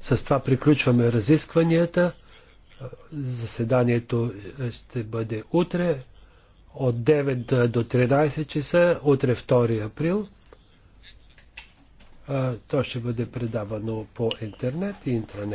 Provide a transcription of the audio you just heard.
С това приключваме разискванията. Заседанието ще бъде утре от 9 до 13 часа, утре 2 април. То ще бъде предавано по интернет и интернет.